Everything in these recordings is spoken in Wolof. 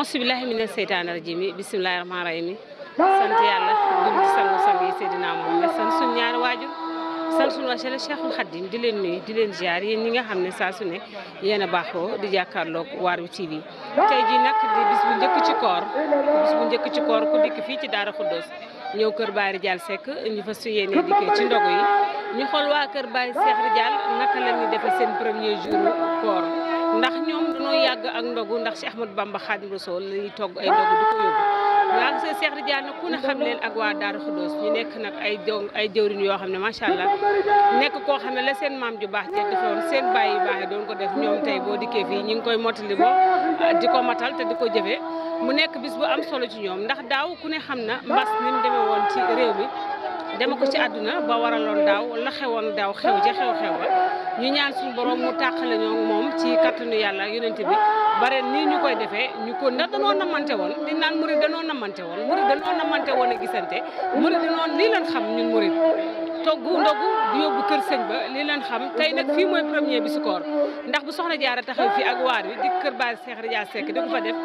auzubillahi mina seytaani rajiim bismillahi rahmaani rahiim sant yàlla dul ci sangu sang yi Seydina Muhammad sant suñu ñaari waajur sant suñu wàccale Cheikhul Khadim di leen nuyu di leen ziar yéen ñi nga xam ne saa su ne yéen a baaxoo di jàkkaarloog Waarwi TV tey jii nag di bis bu njëkk ci koor bis bu njëkk ci koor ku dikk fii ci Daara Khoudoss ñëw kër Baye Ridial sekk ñu fa su yéenee dikkee ci ndogu yi ñu xool waa kër Baye Cheikh Ridial naka la ñuy defee seen premier jour koor ndax ñoom dañoo yàgg ak ndogu ndax Cheikh Ahmadou Bamba Khadim Rasoul lañuy togg ay ndogu di ko yóbbu waa seen Cheikh Tidiane ku ne xam leen ak waa Daara Khoudoss ñu nekk nag ay jong ay jëwriñ yoo xam ne macha allah nekk koo xam ne la seen maam ju baax ja defoon seen bàyyi yu baax doon ko def ñoom tey boo dikkee fii ñu ngi koy mottali bo di ko matal te di ko jëfee mu nekk bis bu am solo ci ñoom ndax daaw ku ne xam na mbas ni mu demee woon ci réew mi dema ko ci àdduna ba waraloon daaw la xewoon daaw xew ja xew-xew ba ñu ñaan suñu borom mu tàqale ñoo moom ci kattanu yàlla yonent bi bare nii ñu koy defee ñu ko ndax danoo namante woon di naan murid danoo namante woon murid danoo namante woon a gisante murid danoo ni lan xam ñun murid toggu ndogu du yóbbu kër sëñ ba li leen xam tey nag fii mooy premier bi si koor ndax bu soxna jaara taxaw fii ak waar bi di kër baay Seex Rijaas Sekk di ko fa def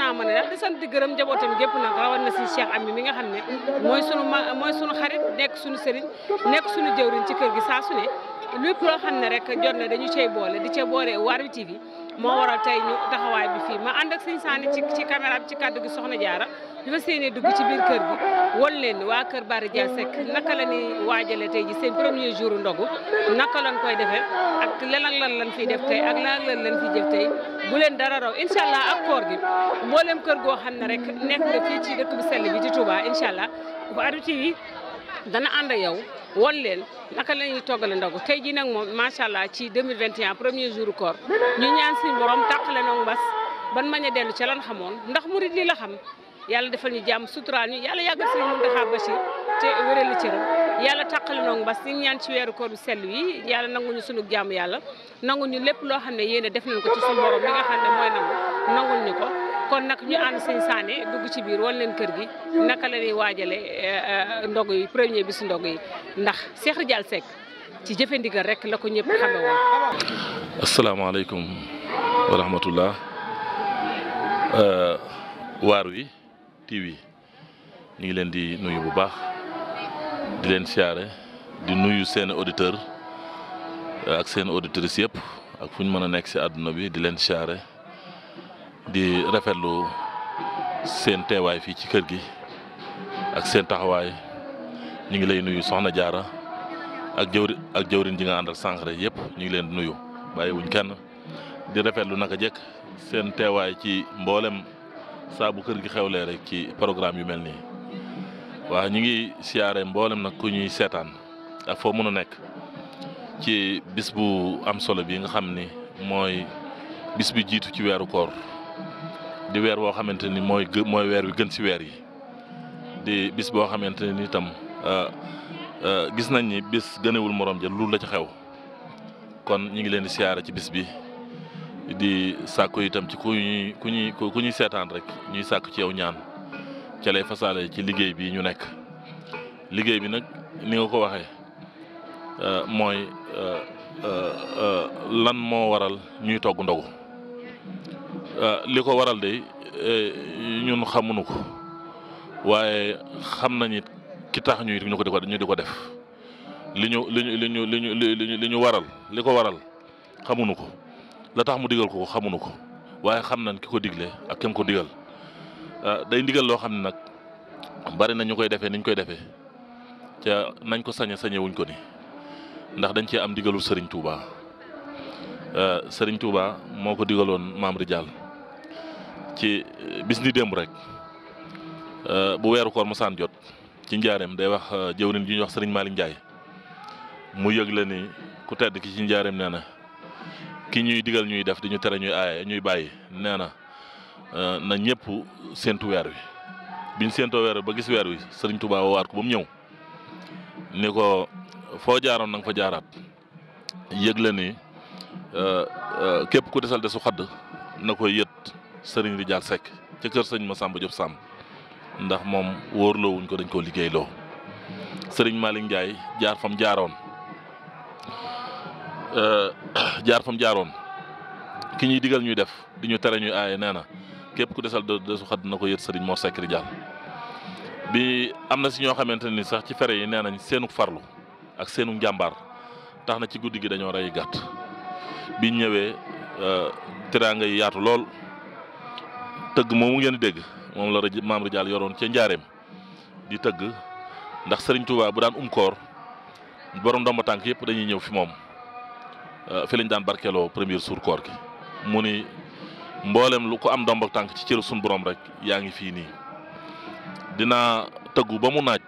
naa mën a ndax di sant di gërëm njabootam gépp nag rawat na si Cheikh Ami mi nga xam ne mooy sunu ma mooy sunu xarit nekk sunu sëriñ nekk sunu jëwriñ ci kër gi saa su ne lépp loo xam ne rek jot na dañu cey boole di cey boole waar wi TV moo waral tey ñu taxawaay bi fii ma ànd ak sëñ Saani ci ci ci kàddu gi soxna jaara bi ma séenee dugg ci biir kër gi won leen waa kër Bara Dia Seck naka la ñuy waajale tey ji seen premier jour ndogu naka lañ koy defee ak la lan lan lan fiy def tey ak lan lan lan fiy jëf tey bu leen dara raw incha allah ak koor gi mboolem kër goo xam ne rek nekk nga fii ci dëkk bu sell bi ci Touba incha allah bu Ardo TV dana ànd yow won leen naka la ñuy toggale ndogu tey jii nag moom macha allah ci 2021 premier jour koor ñu ñaan si borom tàqale noo mbas ban mañ a dellu ca lan xamoon ndax murit li la xam yàlla defal ñu jàmm suturaal ñu yàlla yàggal sëriñ Mountakha Bachir te wérali cëram yàlla tàqali noonu mbas ñu ñaan ci weeru koor bu sell yi yàlla nanguñu sunu jàmm yàlla ñu lépp loo xam ne yéen def nañ ko ci suñu borom mi nga xam ne mooy nangu ñu ko kon nag ñu ànd sëñ Sané dugg ci biir wan leen kër gi naka la ñuy waajale eh, eh, ndog yi premier bi si ndog yi ndax Cheikh Ridial Seck ci jëfandigal rek la ko ñëpp xame woon asalaamaaleykum wa eh, waar wi TV ñu ngi leen di nuyu bu baax di leen siyaare di nuyu seeni auditeur ak seen auditrices yëpp ak fu ñu mën a nekk ci àdduna bi di leen siyaare di rafetlu seen teewaay fii ci kër gi ak seen taxawaay ñu ngi lay nuyu Soxna Jaara ak jëwri ak jëwrin ji nga àndal sànq rek yëpp ñu ngi leen di nuyu bàyyiwuñ kenn di rafetlu naka jekk seen teewaay ci mboolem. saa bu kër gi xewlee rek ci programme yu mel nii waaw ñu ngi siyaare mboolem nag ku ñuy seetaan ak foo mën a nekk ci bis bu am solo bi nga xam ni mooy bis bi jiitu ci weeru koor di weer woo xamante ni mooy gë mooy weer wi gën ci weer yi di bis boo xamante ni itam ah, ah, gis nañ ni bis gënewul moroom ja lu la ci xew kon ñu ngi leen di siyaare ci bis bi di sàkku itam ci ku ñuy ku ñuy ku ñuy seetaan rek ñuy sàkku ci yow ñaan ca lay fasaale ci liggéey bi ñu nekk liggéey bi nag ni nga ko waxee euh, mooy euh, euh, lan moo waral ñuy togg ndogu li ko waral de ñun xamuñu ko waaye xam nañu ki tax ñu ñu ko di ko ñu di ko def li ñu li ñu li ñu li ñu li ñu waral li ko waral xamuñu ko. la tax mu digal ko xamuñu ko waaye xam nañ ki ko digle ak kem ko digal euh, day digal loo xam ne nag bari na ñu koy defee ni koy defee ca nañ ko sañe sañewuñ ko ni ndax dañ cee am digalu Serigne Touba euh, sëriñ Touba moo ko digaloon maam Rijaal ci euh, bis ni démb rek bu weeru koor masaan jot ci njaareem day wax jëwriñ ji wax sëriñ Malick Ndiaye mu yëg la ni ku tedd ki ci njaareem nee na. ki ñuy digal ñuy def di ñu tere ñuy aaye ñuy bàyyi nee na euh, na ñëpp séntu weer wi biñ séentoo weer wi ba gis weer wi sëriñ Touba waat ko ba mu ñëw ni ko foo jaaroon na nga fa jaaraat yëg la ni euh, euh, képp ku desal desu xadd na ko yët sëriñ di jaar sekk ca kër sëñ Massamba jot sàmm ndax moom wóorloo wuñ ko dañ koo liggéeyloo sëriñ Malick Ndiaye jaar fam jaaroon. Euh, jaar fam jaaroon ki ñuy digal ñuy def di ñu tere ñuy aaye nee na képp ku desal desu xadd na ko yët sëriñ moo Seck Ridial bi am na si ñoo xamante ni sax ci fere yi nee nañ seenu farlu ak seenu njàmbaar tax na ci guddi gi dañoo rey gàtt biñ ñëwee euh, teraanga yi yaatu lool tëgg moomu ngeen dégg moom la maam Ridial yoroon ca njaareem di tëgg ndax sëriñ Touba bu daan um koor borom ndomba tànk yëpp dañuy ñëw fi moom Euh, fi lañ daan barkeeloo premier suur koor gi mu ni mboolem lu ko am ndombak tànk ci cër suñu borom rek yaa ngi fii nii dina tëggu ba mu naaj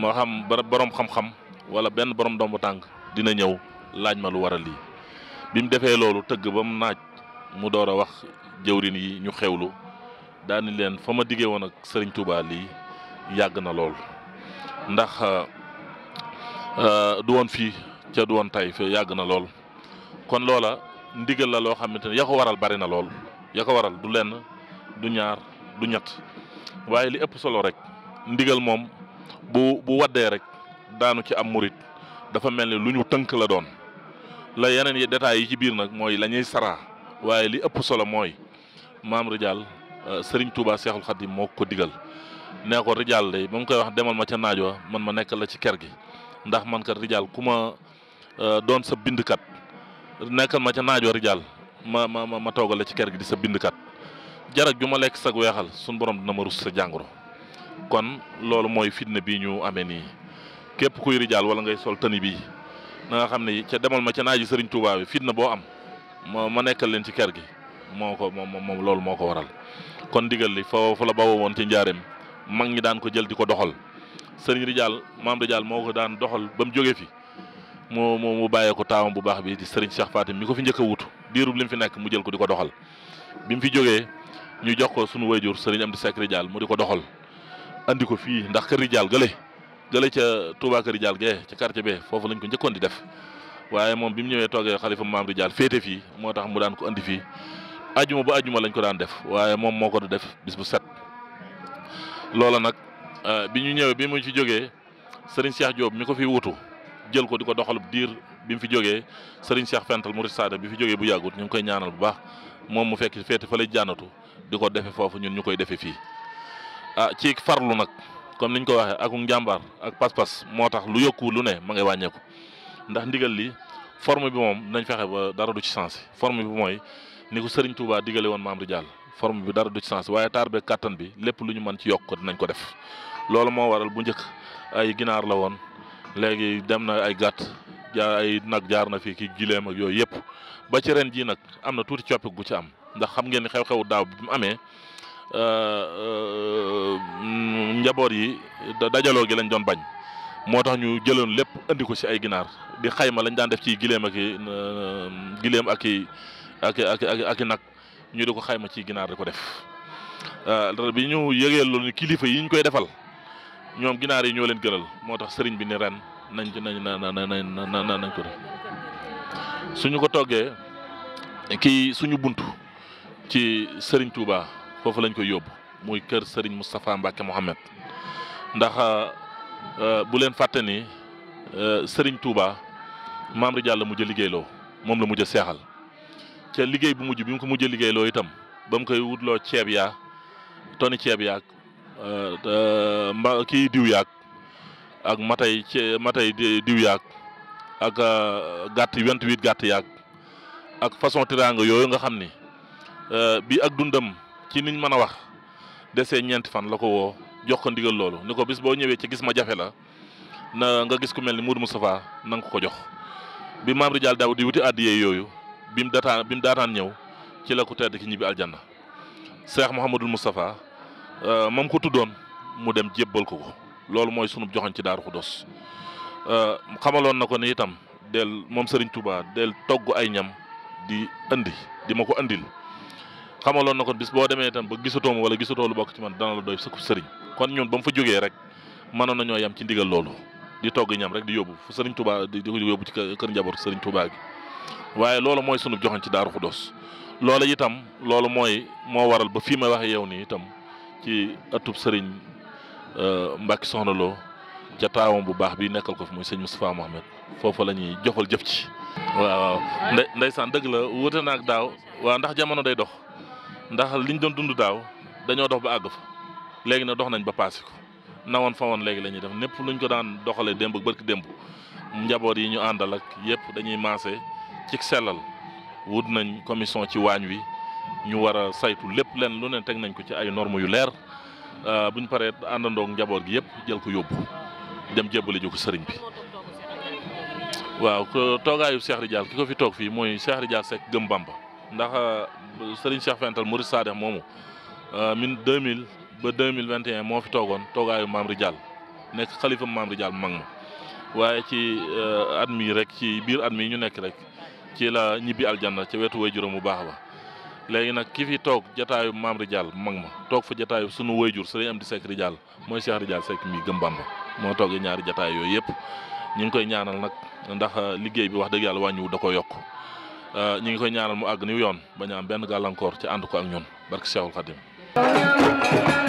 ma xam boroom xam-xam wala benn borom ndomb tànk dina ñëw laaj ma lu waral lii bi mu defee loolu tëgg ba mu naaj mu door a wax jëwrin yi ñu xewlu daani leen fa ma diggee woon ak Serigne Touba lii yàgg na lool ndax euh, du woon fii ca du woon tey fii yàgg na lool kon loola ndigal la loo xamante ne ya ko waral bari na lool ya ko waral du lenn du ñaar du ñett waaye li ëpp solo rek ndigal moom bu bu waddee rek daanu ci am murit dafa mel ni lu ñu tënk la doon la yeneen yi détails yi ci biir nag mooy la ñuy saraa waaye li ëpp solo mooy maam Rijaal euh, Serigne Touba Seexul yi moo ko digal nee ko Rijaal de ba mu koy wax demal ma ca naaj wa man ma nekk la ci ker gi ndax man kat Rijaal ku Euh, doon sa bindkat nekkal ma ca naajoori jàll ma ma ma toogale ci ker gi di sa bindkat jarak ju ma lekk sag weexal suñ borom dina ma rus sa jàngoro kon loolu mooy fitna bi ñu amee nii képp kuy rijaal wala ngay sol tani bii na nga xam ne ca demal ma ca naaji sëriñ Tuubaa bi fitna boo am ma ma nekkal leen ci ker gi moo ko moom moom loolu moo ko waral kon ndigal li foofu la bawoo woon ci njaareem mag ñi daan ko jël di ko doxal sëriñ rijaal maam rijaal moo ko daan doxal ba mu jógee moo moo mu bàyyee ko taawam bu baax bi di Serigne Cheikh Fatim mi ko fi njëkk a wutu diirub li fi nekk mu jël ko di ko doxal bi mu fi jógee ñu jox ko sunu wayjur Serigne Amdi Seck Rijaal mu di ko doxal andi ko fii ndax kër Rijaal gële gële ca Touba kër Rijaal gee ca foofu lañ ko njëkkoon di def waaye moom bi mu ñëwee toogee xalifa maam Rijaal féete fii moo tax mu daan ko andi fii ajuma bu ajuma lañ ko daan def waaye moom moo ko def bis bu set loola nag euh, bi ñu ñëwee bi mu ci jógee Serigne Cheikh Diop mi ko fi wutu jël ko di ko doxal diir bi mu fi jógee Serigne Cheikh Fental Mouride Sada bi fi jógee bu yàggut ñu ngi koy ñaanal bu baax moom mu fekk feeti fa lay jànnatu di ko defe foofu ñun ñu koy defe fii ah ci farlu nag comme niñ ko waxee aku njàmbaar ak pas-pas moo tax lu yokku lu ne ma ngay wàññeeku ndax ndigal li forme bi moom nañ fexe ba dara du ci sens forme bi mooy ni ko Serigne Touba digale woon Mamadou Diall forme bi dara du ci sens waaye taar beeg kàttan bi lépp lu ñu mën ci yokk ko dinañ ko def loolu moo waral bu njëkk ay ginaar la woon léegi dem na ay gàtt ay nag jaar na fi ki gileem ak yooyu yëpp ba ci ren jii nag am na tuuti coppik gu ci am ndax xam ngeen ni xew-xew daaw bi mu amee euh, euh, mm, njaboot yi dajaloo gi lañ doon bañ moo tax ñu jëloon lépp andi ko ci ay ginaar di xayma lañ daan def ci gileem ak i euh, gileem ak i ak i ak i nag ñu di ko xayma ci ginaar di ko def bi ñu yëgee loolu kilifa yi ñu koy defal. ñoom ginaar yi ñoo leen gënal moo tax sëriñ bi ni ren nañ ci nañ na na na nañ ko suñu ko toggee kii suñu bunt ci sëriñ tuuba foofu lañ koy yóbbu muy kër sëriñ Moustapha Mbacke Mohamed ndax euh, bu leen fàtte ni euh, sëriñ Touba maam Ridial la mujj a liggéeyloo moom la mujj a seexal ca liggéey bu mujj bi mu ko mujj a liggéeyloo itam ba mu koy wutloo ceeb yaa toni ceeb yaa Euh, euh, mba kii diw yaag ak matay ci matay diw yaag ak euh, gàtt vingt-huit gàtt yaag ak façon tiraanga yooyu nga xam ni bi ak dundam ci niñ mën a wax dese ñeent fan la ko woo jox ko ndigal loolu ni ko bis boo ñëwee ci gis ma jafe la na nga gis ku mel ni Moudou Moustapha na nank ko jox bi maam Rijaal daaw di wuti àddiyee yooyu bim mu bi mu daataan ñëw ci la ko tedd ki ñibbi aljanna Cheikh Mouhamadul Moustapha Euh, mam ko tuddoon mu dem jébbal ko ko loolu mooy sunu joxoñ ci Daaru Xudoos euh, xamaloon na ko itam del moom Serigne Touba del togg ay ñam di andi di ma ko andil xamaloon na ko bis boo demee itam ba gisatoo ma wala gisatoo lu bokk ci man dana la doy sëkku Serigne kon ñun ba mu fa rek mënoon nañoo yem ci ndigal loolu di togg ñam rek di yóbbu fu Serigne Touba di yóbbu ci kër njaboot Serigne Touba gi waaye loolu mooy sunu joxoñ ci Daaru Xudoos loolu itam loolu mooy moo waral ba fii may waxee yow nii itam. ci ëttub sëriñ euh, Mbàkke Soxna Lo ca taawam bu baax bi nekkal ko fi muy sëñ Moustapha Mohamed foofu la ñuy joxal jëf ci. waaw ndey ndeysaan dëgg la wute na daaw waa ndax jamono day dox ndax liñ doon dund daaw dañoo dox ba àgg fa léegi nag dox nañ ba paase ko nawoon fa woon léegi la ñuy def népp luñ ko daan doxalee démb ak barki démb njaboot yi ñu àndal ak yëpp dañuy maase ci sellal wut nañ commission ci waañ wi. ñu war a saytu lépp leen lu ne teg nañ ko ci ay normes yu leer euh, bu ñu paree àndandoog njaboot gi yëpp jël ko yóbbu dem jébbali ji sëriñ bi. waaw toogaayu Cheikh Ridial ki ko fi toog fii mooy Cheikh Ridial Seck gëm Bamba ndax euh, sëriñ Cheikh Fental Mouride Sadikh moomu euh, min 2000 ba vingt 2021 moo fi toogoon toogaayu maam Ridial nekk xalifa maam Ridial mag ma waaye ci at mi rek ci biir at mi ñu nekk rek ci la ñibbi aljanna ca wetu way juróom bu baax ba. léegi nag ki fi toog jataayu maam Rijal mag ma toog fa jataayu sunu wayjur sëriñ Amdi Seck Rijal mooy Cheikh Rijal Seck mi gëm Bamba moo toogee ñaari jataay yooyu yëpp ñu ngi koy ñaanal nag ndax euh, liggéey bi wax dëgg yàlla wàññiwu da ko yokk euh, ñu ngi koy ñaanal mu àgg ni yoon ba ñu am benn gàllankoor ci ànd ko ak ñoon barke Cheikhul Khadim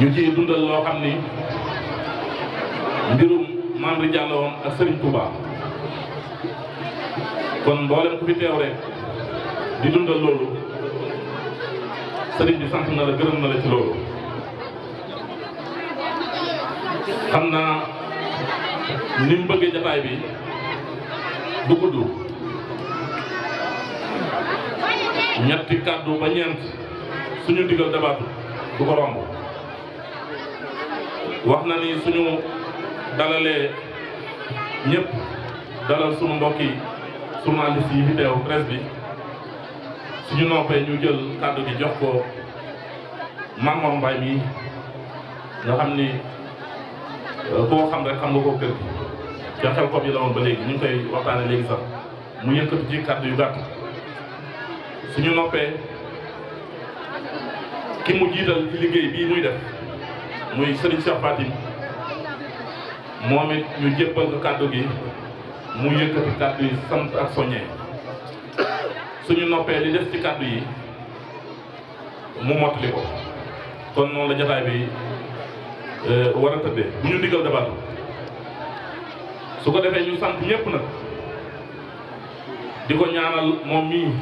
ñu ci dundal loo xam ni mbirum maam di jàll woon bu Serigne kon mboolem ku fi teew rek di dundal loolu Serigne bi sant na la gërëm na la ci loolu xam naa ni mu bëggee jataay bi du gudd ñetti kàddu ba ñeent suñu digal dabaatu du ko romb wax na ni suñu dalalee ñëpp dalal suñu mbokk yi journaliste yi fi teew bi suñu noppee ñu jël kàddu gi jox ko Mamor Mbaye mi nga ni euh, koo xam rek xam nga ko kër gi ca xel xob yi la woon ba léegi ñu ngi koy waxtaane léegi sax mu yëkkati ci kàddu yu gàtt suñu noppee ki mu jiital ci liggéey bii muy def muy sëriñ Cheikh Fatim moom it ñu jébbal ko kàddu gi mu yëkkati kàddu yi sant ak soñe suñu noppee li des ci kàddu yi mu mottali ko kon noonu la jataay bi euh, war a tëddee bu ñu digal dabaatu su ko defee ñu sant ñépp nag di ko ñaanal moom mii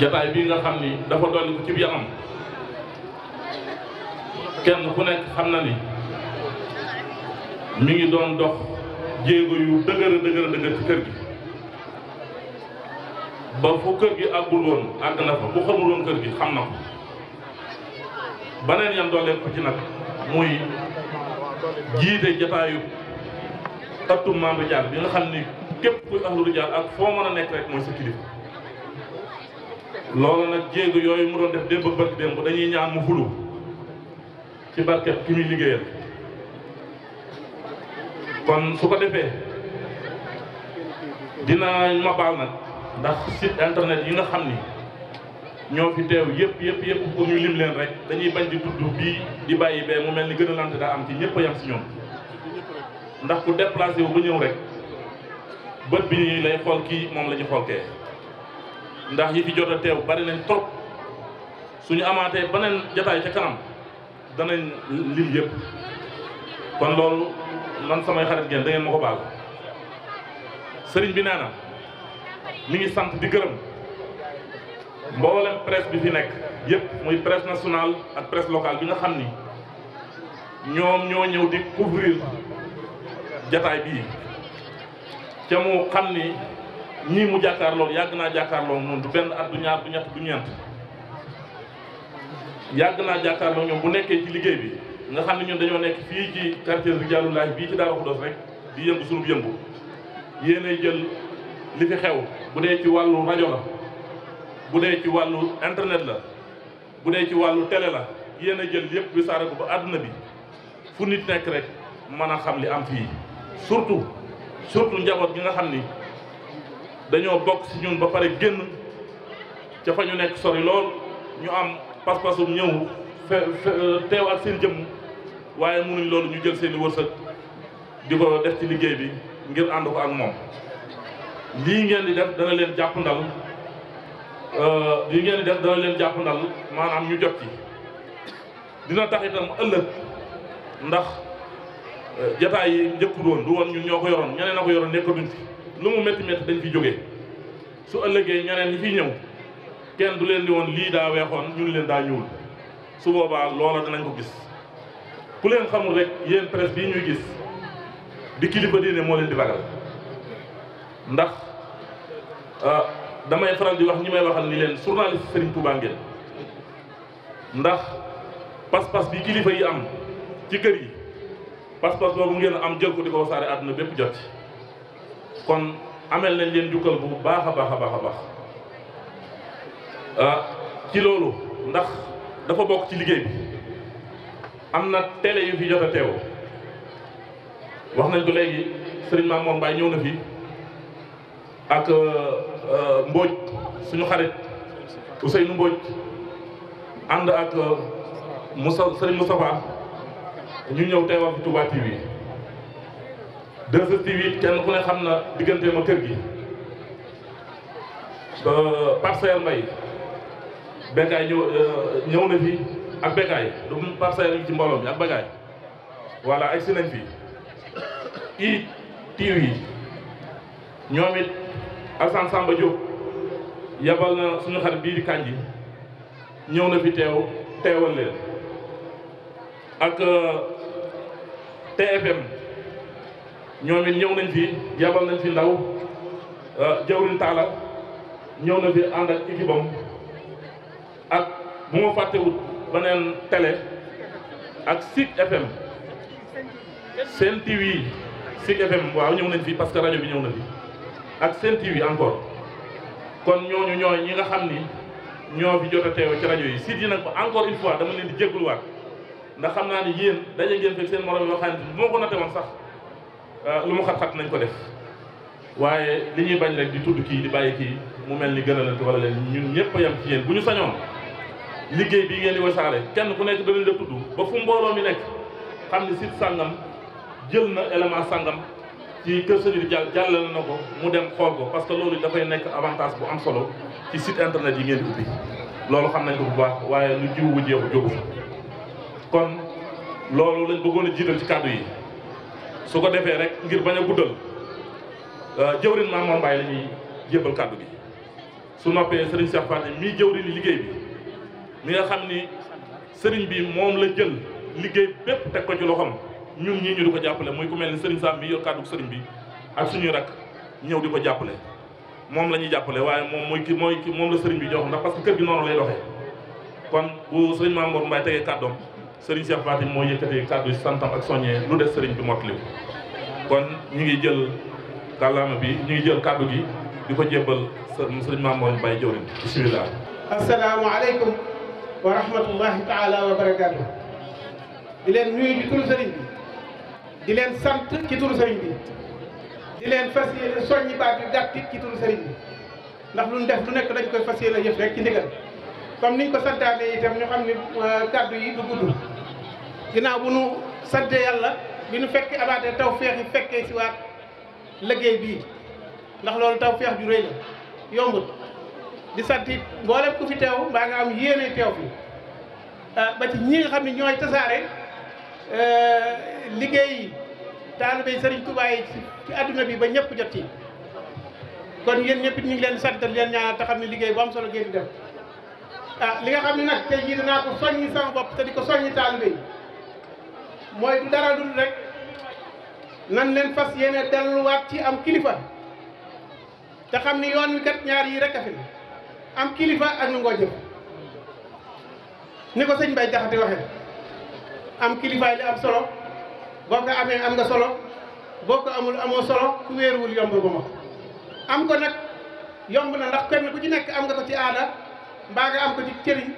jataay bii nga xam ni dafa dolli ko ci biiram kenn ku nekk xam na ni mi ngi doon dox jéego yu dëgër a dëgër a ci kër gi ba fu kër gi àggul woon àgg na fa bu xamul kër gi xam na ko baneen yam doole ko ci nag muy jiite jataayu tattum maam jaar bi nga xam ni képp kuy ahlu rijaal ak foo mën a nekk rek mooy sa kilifa loolu nag jéego yooyu mu doon def démb bët démb dañuy ñaan mu fulu ci barkeb ki muy liggéeyal kon su ko defee dina ma baal nag ndax site internet yi nga xam ni ñoo fi teew yëpp yëpp yëpp pour ñu lim leen rek dañuy bañ di tudd bii di bàyyi bee mu mel ni gën a lant daa am ci ñëpp a yam si ñoom ndax ku déplacé wu ba ñëw rek bët bi nii lay xool kii moom la ñu xolkee ndax yi fi jot a teew bari nañ trop suñu amaatee beneen jataay ca kanam danañ lim yëpp kon loolu man samay xarit ngeen da ngeen ko baal sëriñ bi naana na mi ngi sant di gërëm mboolem press bi fi nekk yépp mooy presse nationale ak presse locale bi nga xam ni ñoom ñoo ñëw di couvrir jataay bii ca mu xam ni ñii mu jàkkaarloo yàgg naa jàkkaarloo moom du benn at du ñaar du ñett ñeent yàgg naa jàkkaarloo ñoom bu nekkee ci liggéey bi nga xam ne ñun dañoo nekk fii ci quartier Rijaalu Laay bii ci Daaru Xudoos rek di yëngu sunub yëngu yéen ay jël li fi xew bu dee ci wàllu rajo la bu dee ci wàllu internet la bu dee ci wàllu télé la yéen a jël yëpp saare ko ba àdduna bi fu nit nekk rek mën a xam li am fii surtout surtout njaboot gi nga xam ni dañoo bokk si ñun ba pare génn ca ñu nekk sori lool ñu am pas-pasum ñëw fe teew ak seen jëmm waaye mënuñ loolu ñu jël seen i wërsëg di ko def ci liggéey bi ngir ànd ko ak moom lii ngeen di def dana leen jàpp ndal euh, lii ngeen di def dana leen jàpp ndal maanaam ñu jot dina tax itam ëllëg ndax euh, jataay yi njëkku doon du woon ñun ñoo ko yoroon ñeneen a ko yoroon nekkatuñ fi lu mu métti métti dañ fi jógee su ëllëgee ñeneen ñi fiy ñëw kenn du leen di woon lii daa weexoon ñun leen daa ñuul su boobaa loola danañ ko gis ku leen xamul rek yéen presse bii ñu gis di kilifa diine moo leen di ragal ndax euh, damay faral di wax ñi may waxal ni leen journaliste Serigne Touba ngeen ndax pas-pas bi kilifa yi am ci kër yi pas-pas boobu ngeen am jël ko di ko wasaare àdduna bépp jot kon amel nañ leen jukkal bu baax a baax a a baax Ah, ci loolu ndax dafa bokk ci liggéey bi am na télé yu fi jot teew wax nañ ko léegi sëriñ Maam Mor ñëw na fi ak euh, euh, Mbodj suñu xarit Ousseynou Mbodj ànd ak euh, Moussa sëriñ Moustapha ñu ñëw teewal fi Touba TV 2STV kenn ku ne xam na digganteem ak kër gi Parcelles mbay bekkaay ñëw euh, ñëw na fi ak bekkaay du parcelle rek ci mbooloo bi ak bekkaay voilà ay si nañ fi i tiiw yi ñoom it Alassane yabal na suñu xarit bii di Kandji ñëw na fi teew teewal leen ak euh, TFM ñoom it ñëw nañ fi yabal nañ fi ndaw euh, jawrin taala ñëw na fi ànd ak bu ma fàttewut beneen télé ak SIC FM Sen TV SIC FM waaw ñëw nañ fii parce que rajo bi ñëw na fi ak Sen TV encore kon ñooñu ñooy ñi nga xam ni ñoo fi jot a teew ci rajo yi site yi nag ba encore une fois dama leen di jégaluwaat ndax xam naa ni yéen daje ngeen fekk seen morom yoo xam ne bu ma ko nattee woon sax euh, lu mu xat-xat nañ ko def waaye li ñuy bañ rek di tudd kii di bàyyi kii mu mel ni gën a leen ñun ñëpp a ci yéen bu ñu sañoon. liggéey bi ngeen di wasaare kenn ku nekk danañ la tudd ba fu mbooloo mi nekk xam ne site jël na élément sàngam ci kër Serigne Dia jàllale na ko mu dem xool ko parce que loolu dafay nekk avantage bu am solo ci site internet yi ngeen di loolu xam nañ ko bu baax waaye lu jiw wu jeexu jógu kon loolu lañ bëggoon a jiital ci kàddu yi su ko defee rek ngir bañ a guddal euh, jëwrin Mamour Mbaye la ñuy jébal kàddu gi su noppee Serigne Cheikh Fane mii jëwrin liggéey bi. mi nga xam ni sëriñ bi moom la jël liggéey bépp teg ko ci loxoom ñun ñu di ko jàppale muy ku mel ni sëriñ Sam bi yor kàddu sëriñ bi ak suñuy rak ñëw di ko jàppale. moom la ñuy jàppale waaye moom mooy ki mooy ki moom la sëriñ bi jox ndax parce que kër gi noonu lay doxee kon bu sëriñ Mame Mor Mbaye tegee kàddoom sëriñ Cheikh Fatim moo yëkkatee kàddu santam ak soññee lu des sëriñ bi mottali kon ñu ngi jël kàllaama bi ñu ngi jël kàddu gi di ko jébbal sëriñ Mame Mor Mbaye jëwriñ wa rahmatullahi taala wa barakaatu di leen nuyu ci turu bi di leen sant ci turu bi di leen fas yéene soññi baat bi gàttit ci turu sëriñ bi ndax lu ñu def lu nekk dañ koy fas yéene yëf rek ci ndigal comme niñ ko santaane itam ñu xam ne euh, kàddu yi du gudd ginnaaw bu nu sante yàlla bi nu fekk abaate taw feex yi fekkee si waat liggéey bii ndax loolu taw feex ju réy la yombut di sant it mboolem ku fi teew mbaa nga am yéene teew fi ah, ba ci ñi nga xam ne ñooy tasaare eh, liggéey yi taalibey Sëriñ Tuubaa yi ci àdduna bi ba ñëpp jot ci kon yéen ñëpp ñu ngi leen sant leen ñaanal te xam ne liggéey bu am solo ngeen di def ah li nga xam ne nag tey jii dinaa ko soññi sama bopp te di ko soññi taalibe yi mooy du dara dul rek nan leen fas yéene delluwaat ci am kilifa te xam ni yoon wi ñaar yi rek a fi am kilifa ak ñu ngoo ni ko sëñ Bay Jaxate waxe am kilifaay li am solo boo ko amee am nga solo boo ko amul amoo solo ku wéeruwul yomb ba ma am ko nag yomb na ndax kenn ku ci nekk am nga ko ci aada mbaa nga am ko ci cëriñ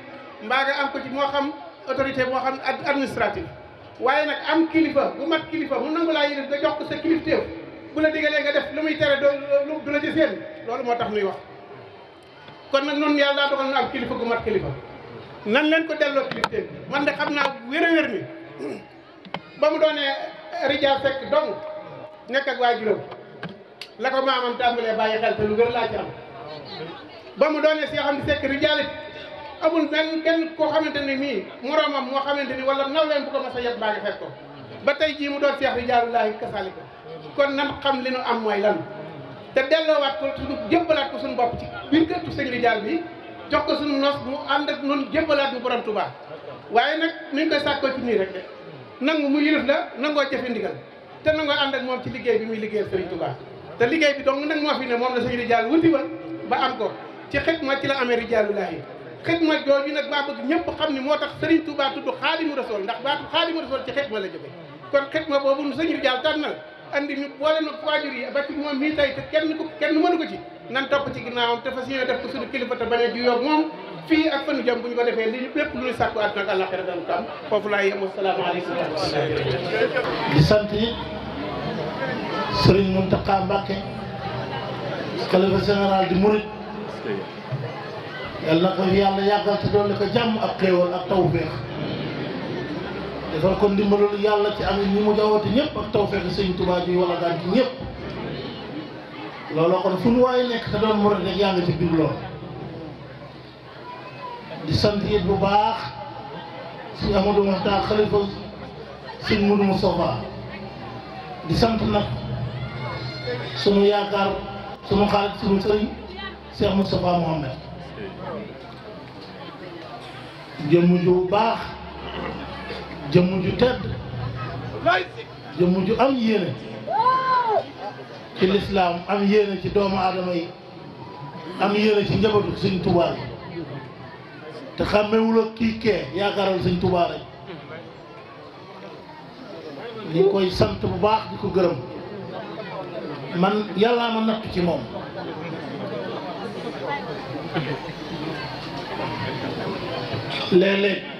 mbaa nga am ko ci moo xam autorité moo xam administrative waaye nag am kilifa bu mat kilifa mu nangu laa yëlif nga jox ko sa kilifteef bu la digalee nga def lu muy tere doo du la ci loolu moo tax nuy wax kon nag noonu yàlla daa dogal na am kilifa gu mat kilifa nan leen ko delloo kilifteef bi man de xam naa wér a ni ba mu doonee Rija Seck dong nekk ak waajuram la ko maamam tàmbalee bàyyi xel te lu gën laa ci ba mu doonee si yoo xam ne Seck Rijalit amul benn kenn koo xamante ni mii moroomam moo xamante ni wala naw leen bu ko mos a yeb ko ba tey jii mu doon Seex Rijaalullaahi kasaalika kon nan xam li nu am mooy lan. te delloo delloowaat ko suñu jébbalaat ko suñu bopp ci biir kër sëñ Rijaal bi jox ko suñu nos mu ànd ak noonu jébbalaat mu borom Tuubaa waaye nag nuñ koy sàkkoo ci nii rek de nangu mu yilif la nangoo jëfe ndigal te nangoo ànd ak moom ci liggéey bi muy liggéeyal Sëriñ Tuubaa te liggéey bi dong nag moo fi ne moom la sëñ Rijaal wuti woon ba am ko ci xidma ci la amee Rijaalullaahi xidma jooju nag baa bëgg ñëpp xam ni moo tax Sëriñ Tuubaa tudd Xaadimu Rasuul ndax baatu Xaadimu Rasuul ci xidma la jóge kon indi ñu boole ñu waajur yi ba ci moom mii tey te kenn kenn mënu ko ci nan topp ci ginnaawam te fas yéene def ko suñu kilifa te bañ a juyoo ak moom fii ak fanu jëm bu ñu ko defee li lépp lu ñu sàkku àdduna ak àllaxira dañu ko am foofu laa yem asalaamaaleykum di sant yi sëriñ Mountakha Mbacké xalifa général di murit yàlla na ko yàlla yàggal te doon ko jàmm ak xéewal ak tawfeex defal ko ndimbalul yàlla ci amit ñi mu jawwati ñëpp ak tawfeexi sëñ Tuubaa ji wala fu nu waaye nekk te doon murit rek yaa ci biir lool di sant yit bu baax si Amadou Mahtar xalifa sëñ Modou di sant nag sunu yaakaar sunu xaalis sunu sëriñ Cheikh Moustapha Mohamed jëmm ju bu baax jëmm ju tedd jëmm ju am yéene ci lislaam am yéene ci doomu aadama yi am yéene ci njabootu sëñ Tuubaa yi te xàmmewul ak kii yaakaaral sëñ Tuubaa rek ni koy sant bu baax di ko gërëm man yàllaa ma natt ci moom léeg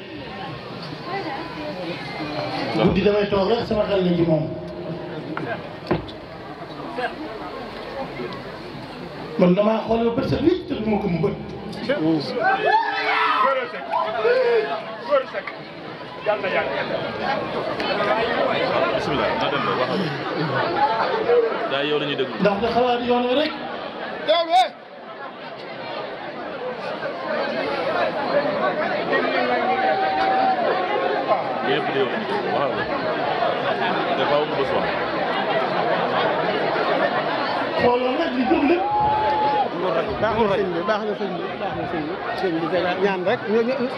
guddi damay toog rek sama xel la ci moom man damaa xoolal bët sa nit te du ma ko mu bët. daa yow la ñuy déglu. ndax da xalaat yoon wi rek. yëpp de yow la ñuy déglu. reçoit. xoolal nag di gëm lépp. baax na sëñ bi baax na sëñ bi baax na sëñ bi sëñ bi dana ñaan rek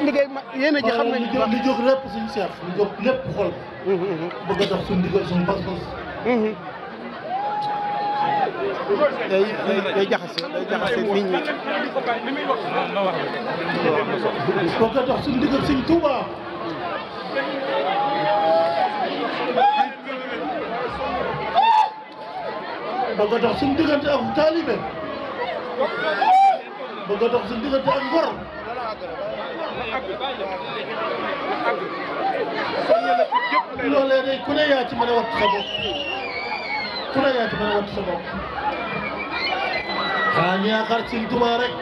liggéey ma yéen a ji xam nañu di jóg lépp suñu chef di jóg lépp xol mhm, mhm, mhm. bëgg a dox suñu digal suñu pas-pas day day jaxase day jaxase nit ñi bëgg a dox suñu digal suñu Tuubaa bëgg a dox suñu diggante ak taalibe bëgg a dox suñu diggante ak ngor loolee day ku ne yaa ci mën a wattu sa bopp ku ne yaa ci mën a wattu sa bopp xaa ñu yaakaar Sëñ Tuubaa rek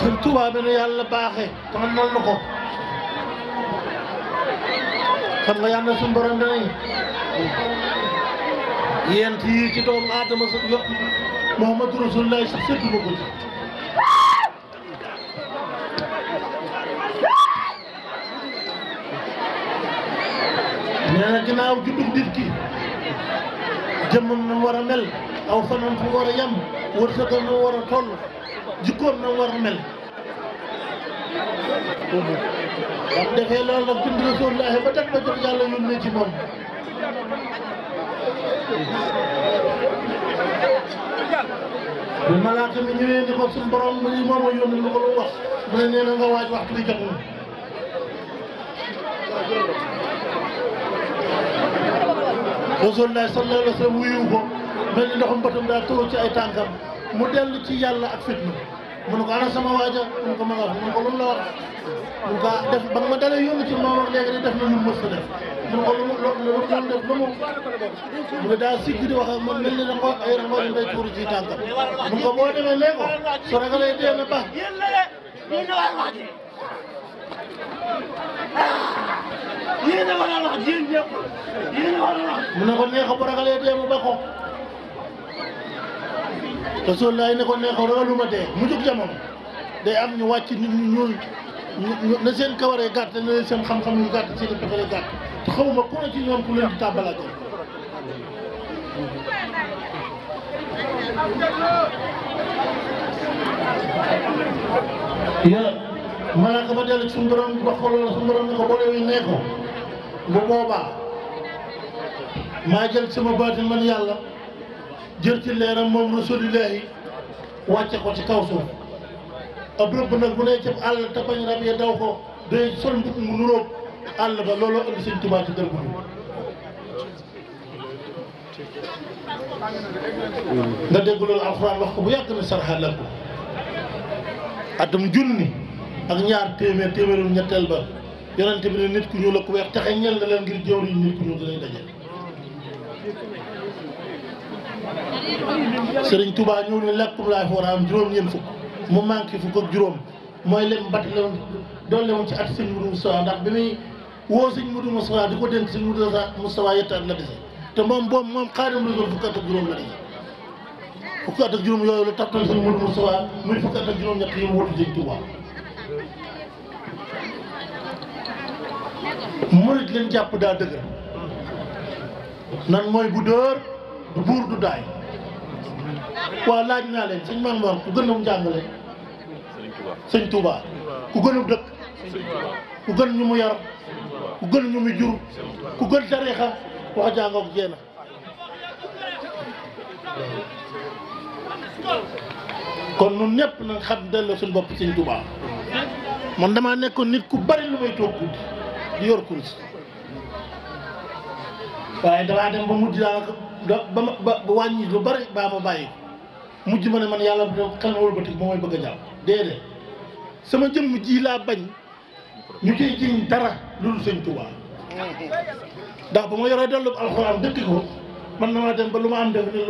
Sëñ Tuubaa bi nu yàlla baaxee tànnal na ko xam nga yàlla suñu borom dane yéen yi ci doomu aadama sa yokk Muhammadu Rasulullah sax séddu ma na war a mel aw fanam fu war a yem wërsëgam na war a toll jikkoom na war a mel ndax defee loolu nag bind Rasulullaahi ba teg ba jot yàlla yónnee ci moom bu malaaka mi ñëwee ni ko suñu borom mu ni moom a yónni lu ko lu wax mu ne nee na nga waaj waxtu bi jot na Rasulullaahi sallallaahu alayhi wa sallam wuyu ko mel ni ndoxam bëtam daa turu ci ay tànkam mu dellu ci yàlla ak fitna mun ko ana waaja mun ko ma nga mun ko lu mu mun ko ma dalee def na lu mu a def mun ko lu mu lu mu doon def lu mu mu ne daa sigg di wax ak mun ko boo demee nee ko su dee na baax yéen a war a wax yéen ñëpp yéen dee mu ba ko te ne ko ne ko ragaluma dee mu jóg jamono day am ñu wàcc nit ñu ñuul na seen kawaree gàtt na seen xam-xam yu gàtt seen defaree te xawma ku ne ci ñoom ku leen di tàbbalaat yàlla malaaka ba dellu suñu borom wax ko loolu suñu borom ne ko boole wi nee bu boobaa maa jël sama baatin man yàlla jël ci leeram moom rasulillahi wàcce ko ci kaw suuf ab rëbb nag bu ne cëb àll te bañ rab ya daw ko day sol mbub mu nuróog àll ba looloo indi sëñ Tuubaa ci dër bu nga dégg loolu alxuraan wax ko bu yàgg na sarxa la ko atum junni ak ñaar téeméer téeméeru ñetteel ba yonente bi nit ku ñuul ak ku weex taxe ñel na leen ngir jëwriñ nit ku ñuul dinañ daje Sëriñ Touba ñëw ne lekkum laay war a am juróom-ñeent fukk mu manqué fukk ak juróom mooy lem bat la doon lemoon ci at sëñ Mudu Mustafa ndax bi muy woo sëñ Mudu Mustafa di ko dénk sëñ Mudu Mustafa yett at la dese te moom boobu moom Xaadimu Rasuul fukk at ak juróom la dese fukk at ak juróom yooyu la tàppale sëñ Mudu muy fukk ak juróom-ñett yi mu wutu sëñ Touba leen jàpp daa dëgër nan mooy bu du buur du daay waa laaj naa leen sëñ Maam Mor ku gën a njàngale sëñ Touba ku gën a dëkk ku gën ñu mu yar ku gën ñu mu jur ku gën tariixa wax jàngoog jeena kon nun ñëpp nañ xam delloo suñu bopp sëñ Touba man damaa nekkoon nit ku bari lu may toog guddi di yor kuris waaye damaa dem ba mujj daanaka ba ma ba wàññi lu bari baa ma bàyyi mujj ma ne man yàlla xel ma wëlbati moom mooy bëgg a jàpp déedéet sama jëmm ji laa bañ ñu koy jiñ dara lu dul sëñ Tuubaa ndax ba ma yoree dellu alxuraan dëkk ko man na maa dem ba lu ma am def ne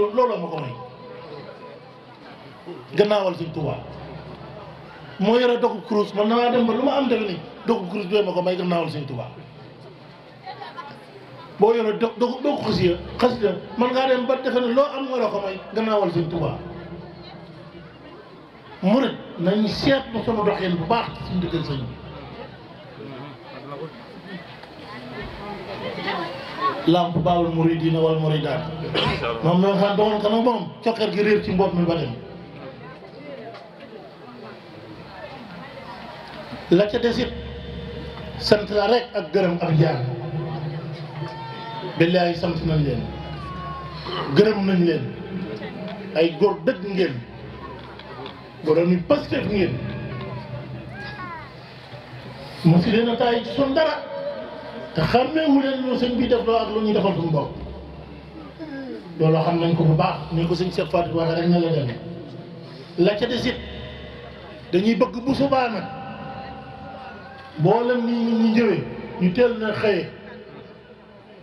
looloo yore doxu kurus man na maa dem ba lu ma am def ni doxu ko may gannaawal sëñ Tuubaa boo yore do do doog xasiya man ngaa dem ba loo am war a ko may gannaawal sëñ Tuubaa murit nañ seetlu sama doxin bu baax suñu dëggal sëñ bi lamp baabul muridiina wal muridaat moom mi nga xam doxoon ko moom cokkeer gi réer ci mbopp mi ba dem la ca desit sant la rek ak gërëm ak jaar billaahi sant nañ leen gërëm nañ leen ay góor dëgg ngeen borom yi Pastef ngeen mu si leen a taay sun dara te xàmmee leen lu sëñ bi def loo ak lu ñuy defal suñu bopp xam nañ ko bu baax ne ko sëñ seet Fatou waxee rek na la dem la ca des it dañuy bëgg bu subaa nag boo leen nii ñu ñëwee ñu teel na xëye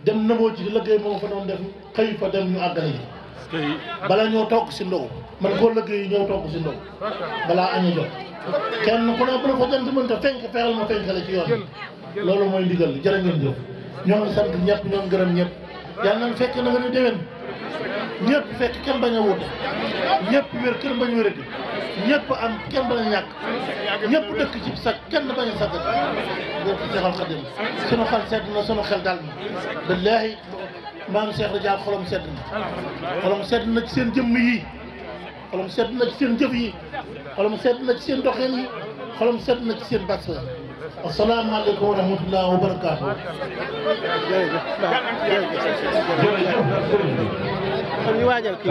dem na moo ci liggéey moom fa doon def xëy fa dem ñu àggale ji bala ñoo togg si ndogu man koo yi ñoo togg si ndogu balaa añu jot kenn ku ne bu la fa jant mënta fenk fexeel ma fenk la ci yoon loolu mooy ndigal jërë ngeen jëf ñoo ngi sant ñëpp ñoo ngi gërëm ñëpp yàlla nañ fekk na nga ñu déwén ñëpp fekk kenn bañ a wuute ñëpp wér kenn bañ a wérati ñëpp am kenn bañ a ñàkk ñëpp dëkk ci sax kenn bañ a sàggat boo ko jeexal xadim sunu xel sedd na sunu xel dal na billaahi maam Cheikh Rijaal xolom sedd na xolom sedd na ci seen jëmm yi xolom sedd na ci seen jëf yi xolom sedd na ci seen doxin na ci seen bàtt yi asalaamaaleykum wa rahmatulah wa barakaatu. kon ñu waajal kii